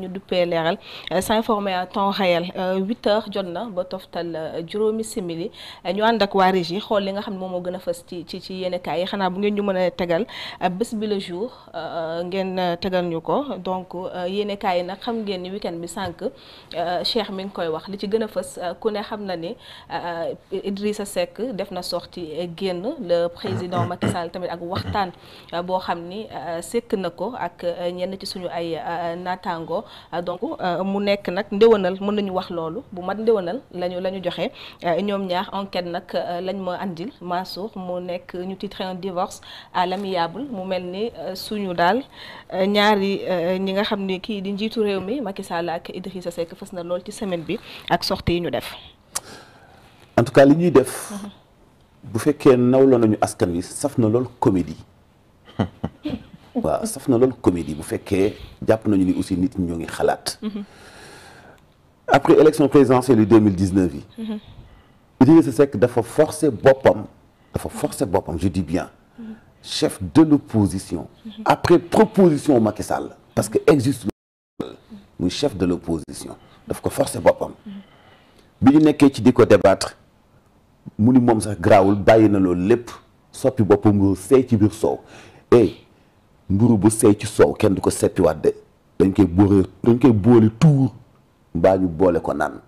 ñu duppee leeral euh, s'informer à temps réel 8 euh, heures jot na ba toftal euh, juróomi simili ñu ànd ak waa yi xool li nga xam ne moom moo gën a fës ci ci ci yenn kaay yi xanaa bu ngeen ñu mën a tegal bés bi le jour ngeen tegal ñu ko donc yenn yi nag xam ngeen ni weekend bi sànq Cheikh mi ngi koy wax li ci gën a fës ku ne xam na ni Idrissa Seck def na sorti génn le président Macky tamit ak waxtaan boo xam ni sekk na ko ak ñenn ci suñu ay naataango solo euh, donc euh, mu nekk nag ndéwanal mën nañu wax loolu bu mat ndéwanal lañu la ñu joxe euh, ñoom ñaax enquête nag lañ ma andil Mansour mu nekk ñu titré un divorce à l'amiable mu mel ni suñu daal ñaari ñi nga xam ni kii di njiitu réew mi Macky Sall ak Idrissa Seck fës na lool ci semaine bi ak sortie yi ñu def. en tout cas li ñuy def. Mhm. bu fekkee nawloo nañu askan wi saf na lool comédie. waaw saf na loolu comédie bu fekkee jàpp nañu ni aussi nit ñi ñoo ngi xalaat. Mm-hmm. après élection présidentielle mille 2019 yi. Mm-hmm. Idrissa Seck dafa forcer boppam dafa forcer boppam je dis bien. Mm-hmm. chef de l'opposition après proposition Macky Sall parce que existe muy chef de l'opposition daf ko forcer boppam bi ñu nekkee ci di ko débattre mu ni moom sax garaawul bàyyi na loolu lépp soppi boppam nga seey ci biir soow eh, mburu bu seey ci soow kenn du ko seppiwaat de dañ koy boole dañ koy boole tuur mbaa ñu boole ko naan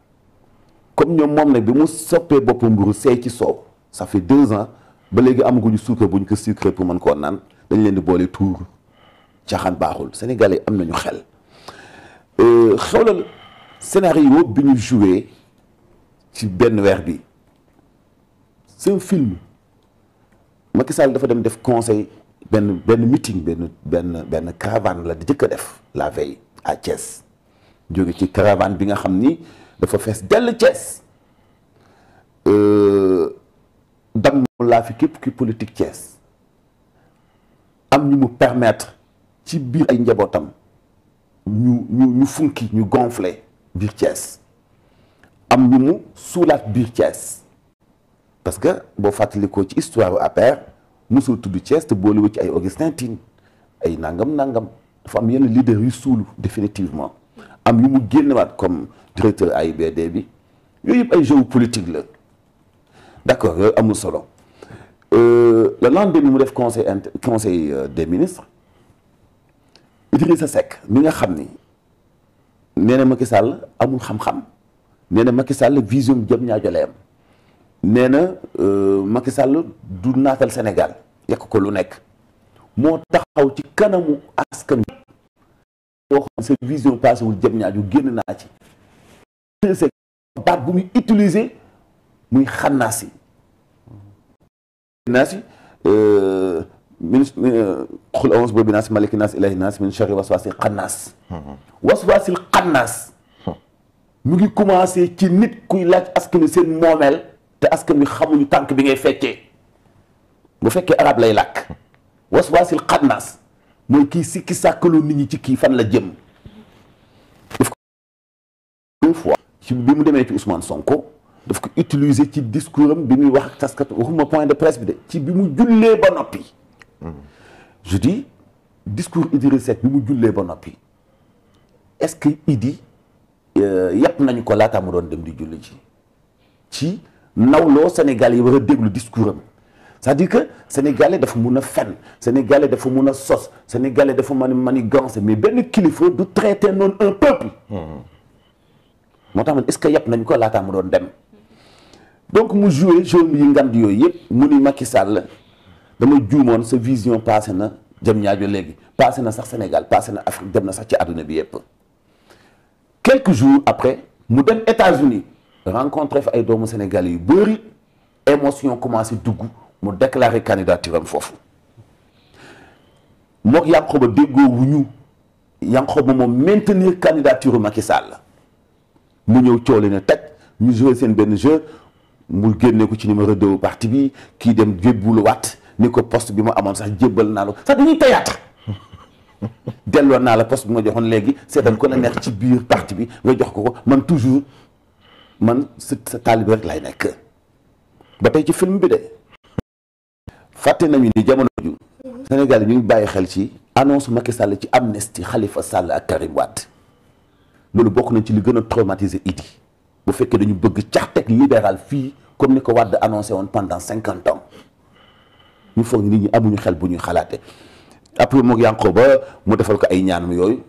comme ñoom moom nag bi mu soppee bopp mburu seey ci soow ça fait deux ans ba léegi amaguñu suukar bu ñu ko sucré pour mën koo naan dañ leen di boole tuur caaxaan baaxul sénégalais am nañu xel euh, xewlal scénario bi ñu joué ci benn weer bi c'est un film Macky dafa dem def conseil benn benn meeting benn benn benn caravane la di jëkk a def la veille à Thiès jóge ci caravane bi nga xam ni dafa fees dell Thiès euh, dam laa fi képp ki politique Thiès am ñu mu permettre ci biir ay njabootam ñu ñu ñu funki ñu gonfler biir Thiès am ñu mu suulaat biir Thiès parce que boo fàttalikoo ci histoire APR mosoo tudd Thiès te boole wu ci ay Augustin Tine ay nangam nangam dafa am yenn leader yu suulu définitivement am yu mu génnewaat comme directeur AIBD bi yooyu yëpp ay jeu politique la d'accord yooyu amul solo euh, le lendemain mu def conseil inter conseil euh, des ministres Idrissa Seck mi nga xam ni nee na Macky Sall amul xam-xam nee na Macky Sall vision jëm ñaajoleem nee na euh, Macky Sall du naatal Sénégal yàq ko lu nekk moo taxaw ci kanamu askan wi boo xam sa vision passé wul jëm ñaaju génn naa ci baat bu muy utiliser muy xannaasi naasi euh, ministre xul euh, awans boobu naas maliki naas ilahi naas min charri waswaasi xannaas waswaasil xannaas mu ngi commencé ci nit kuy laaj askan wi seen moomeel askan wi xamuñu tànk bi ngay feccee bu fekkee arab lay làkk waswaasil xannaas mooy kii sikki sàkkaloo nit ci kii fan la jëm daf ci bi mu demee ci Ousmane Sonko daf ko utiliser ci discours am bi muy wax ak taskat waxuma point de presse bi de ci bi mu jullee ba noppi je discours Idrissa Seck bi mu jullee ba noppi est-ce que Idi euh, yàpp nañu ko laataa mu doon dem di julli ci ci nawloo Sénégal yi war a déglu discours am c'est-à-dire que sénégalais dafa mun a fen sénégalais dafa mun a sos sénégalais dafa mën a manigance mais benn kilifa du traiter noonu un peuple. Hmm. moo tax man est-ce que yëpp nañ ko laataa mu doon dem. donc mu joué jeu yi ngand yooyu yëpp mu ni Macky Sall dama juumoon sa vision passé na jëm ñaajo léegi passé na sax Sénégal passé na Afrique dem na sax ci àdduna bi yëpp. quelques jour après mu dem États-Unis rencontré fa ay doomu Sénégal yu bëri émotion commencé dugg mu déclaré candidature am foofu mook Yankhoba déggoo wuñu Yankhoba moom maintenir candidature Macky la mu ñëw coow leen teg ñu joué seen benn jeu mu génnee ko ci numéro 2 parti bi kii dem jébbulu waat ni ko post bi mu amoon sax jébbal naa la sax dañuy théâtre delloon naa la poste bi ma joxoon léegi seetal ko la neex ci biir parti bi nga jox ko ko man toujours man sa sa taalibe rek lay nekk ba tey ci film bi de fàtte nañu ni jamono ju Sénégal ñu ngi bàyyi xel ci annonce Macky Sall ci amnistie xalifa sàll ak Karim Wade loolu bokk nañ ci li gën a traumatiser Idi bu fekkee dañu bëgg caxteg libéral fii comme ni ko wadd annoncé woon pendant cinquante ans ñu foog nit ñi amuñu xel bu ñuy xalaate après moog yànqoo ba mu defal ko ay ñaanam yooyu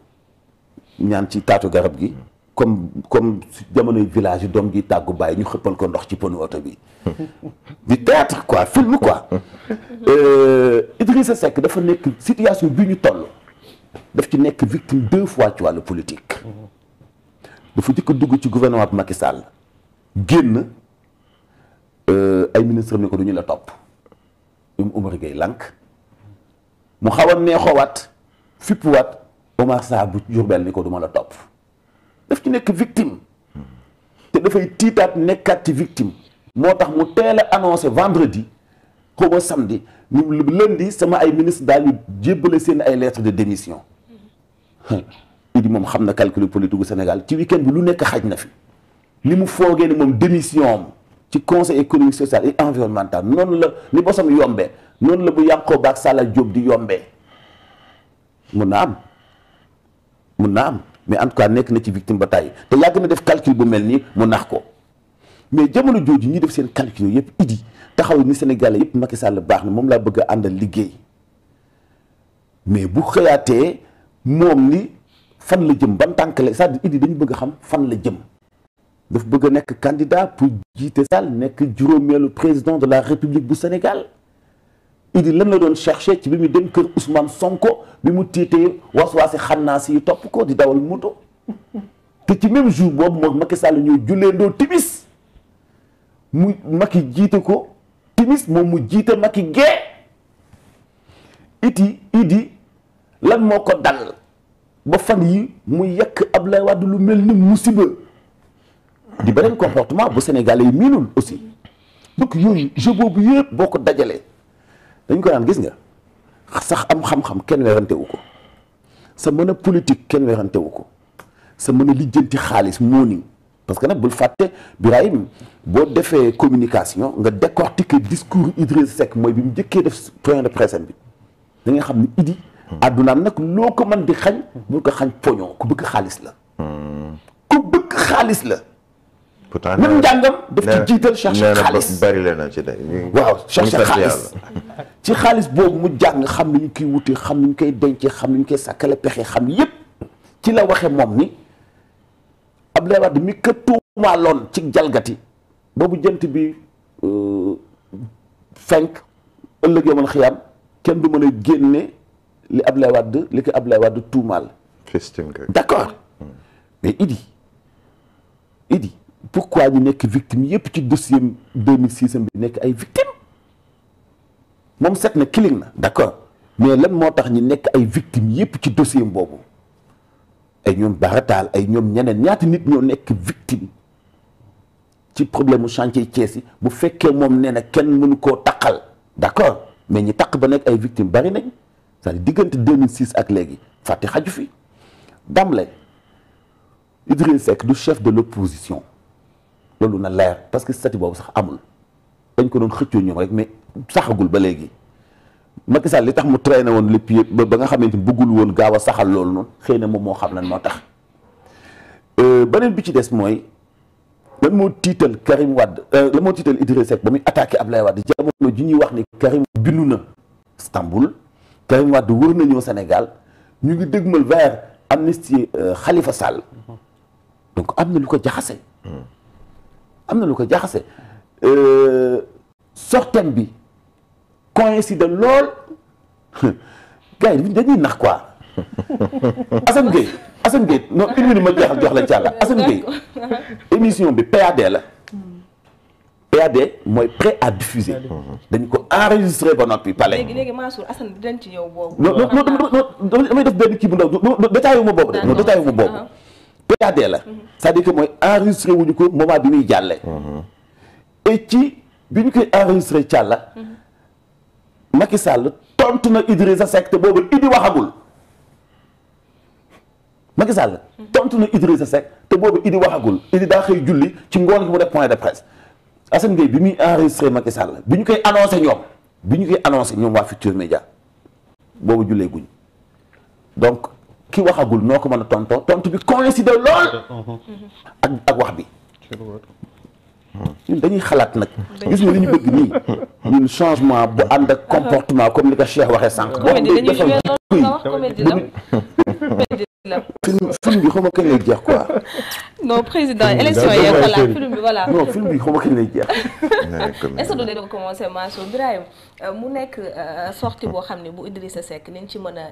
ñaan ci taatu garab gi comme comme jamonoy village yi doom gi tàggu bàyyi ñu xëppal ko ndox ci ponu oto bi di théâtre quoi film quoi euh, Idrissa Seck dafa nekk situation bi ñu toll daf ci nekk victime deux fois ci wàll politique dafa jëkk dugg ci gouvernement bi Macky Sall génn euh, ay ministre ni ko du ñu la topp um Oumar Gueye lànk mu xaw a neexoowaat fippuwaat Omar Sarr bu Diourbel ni ko du ma la topp daf ci nekk victime te dafay tiitaat nekkaat ci victime moo tax mu teel a annoncé vendredi xaw ma samedi ñu di sama ay ministre daal ñu jébbale seen ay lettre de démission idi moom xam na calcul politique gu Sénégal ci week bi lu nekk xaj na fi li mu foogee ne moom démission am ci conseil économique social et environnemental noonu la ni bosam yombee noonu la bu yàqoo baak Sala Diop di yombee mun naa am mun na am mais en tout nekk na ci victime ba tàyyi te yàgg na def calcul bu mel nii mu nax ko mais jamono jooju ñuy def seen calcul yooyu yëpp idi taxaw ni Sénégalais yëpp Macky Sall baax na moom laa bëgg a àndal liggéey mais bu xëyaatee moom ni fan la jëm ban tànk la cest à idi dañu bëgg a xam fan la jëm daf bëgg a nekk candidat pour jiite Sall nekk juróomeelu président de la République bu Sénégal Idi lan la doon cherché ci bi mu dem kër Ousmane Sonko bi mu tiitee waswaasi xannaas yi topp ko di dawal moto ci même jour boobu moom Macky Sall ñoo julleendoo timis mu Macky jiite ko timis moom mu jiite Macky gee iti Idi lan moo ko dal ba fan yi mu yekk Ablaye Wade lu mel ni musiba di beneen comportement bu Sénégalais yi miinul aussi donc yooyu jeu boobu yëpp boo ko dajalee dañ koy naan gis nga sax am xam-xam kenn werante wu ko sa mën a politique kenn werante wu ko sa mën a lijjanti xaalis moo ni parce que nag bul fàtte Birahim boo defee communication nga décortiquer discours Idriss Seck mooy bi mu njëkkee def point de presse bi da nga xam ne Idi. àddunaam nag loo ko mën di xañ. bu ko xañ poño ku bëgg xaalis la. Hmm. ku bëgg xaalis la. pourtant même njàngam daf ci jiital chercher xaalis bari na ci de waaw chercher xaalis ci xaalis boobu mu jàng xam ni ñu koy wute xam ni ñu koy dencee xam ni ñu koy sàkkale pexe xam yépp ci la waxe moom ni Abdoulaye Wade mi ka tuumaaloon ci jalgati boobu jant bi euh, fenk ëllëg yomal xiyaam kenn du mën a génne li Abdoulaye Wade li ko Abdoulaye Wade tuumaal d'accord hmm. mais Idi Idi pourquoi ñi nekk victime yépp ci dossier 2006 bi nekk ay victime moom set na killing na d'accord mais lan moo tax ñi nekk ay victime yépp ci dossier boobu ay ñoom barataal ay ñoom ñeneen ñaata nit ñoo nekk victime ci problème mu chantier Thiès yi bu fekkee moom nee na kenn mënu koo taqal d'accord mais ñi takk ba nekk ay victime bari nañ c'est-à-dire diggante 2006 ak léegi fàtte xaju fi damle Idriss Seck du chef de l'opposition loolu na leer parce que statut boobu sax amul dañ ko doon xëccoo ñoom rek mais saxagul ba léegi Macky Sall li tax mu traîné woon lépp yëpp ba nga xamante ni bëggul woon gaaw a saxal loolu noonu xëy na moom moo xam lan moo tax euh, beneen bi ci des mooy lan moo tiital Karim Wade euh, lan moo tiital Idrissa Seck ba muy attaqué Abdoulaye Wade jamono ji ñuy wax ni Karim bindu na stambul Karim Wade wër na senegal ñu ngi dégmal vers amnistie euh, Khalifa Sall mm-hmm. donc am na lu ko jaxase mm. am na lu ko jaxase euh, sortem bi coïncide lool gars yi dañuy nax quoi Assane Gueye Assane Gueye non jox la càlla Assane Gueye émission bi PAD la PAD mooy prêt à diffuser dañ ko enregistré ba noppi pale léegi léegi Mansour Assane dinañ ci yow boobu def benn kii bu ndaw détaillé wu ma boobu de non détaillé wu ma boobu uh-huh. PAD la cest à mooy enregistré wuñu ko moment bi muy jàlle mhm. et ci bi koy enregistré càlla mhm. Sall tontu na Idrissa Seck te boobu waxagul Macky Sall mhm. tontu na Idrissa te boobu Idi waxagul Idi daa xëy ci ngoon gi mu de presse Assane Gueye bi muy enregistré Macky Sall bi ñu koy annoncé ñoom bi ñu koy annoncé ñoom waa Futurs Médias boobu jullee guñ donc ki waxagul noo ko mën a tontoo tontu bi coïncide lool ak ak wax bi ñun dañuy xalaat nag gis nga li ñu bëgg nii ñun changement bu ànd ak comportement comme ni ko Cheikh waxee sànq boo defal film film bi xawma kañ lay jeex quoi. non président élection yi voilà film film bi xawma kañ lay jeex. est-ce que doo doon commencé Mansour Birahim euh, mu nekk euh, sortie boo xam ne bu Idrissa Seck niñ ci mën a.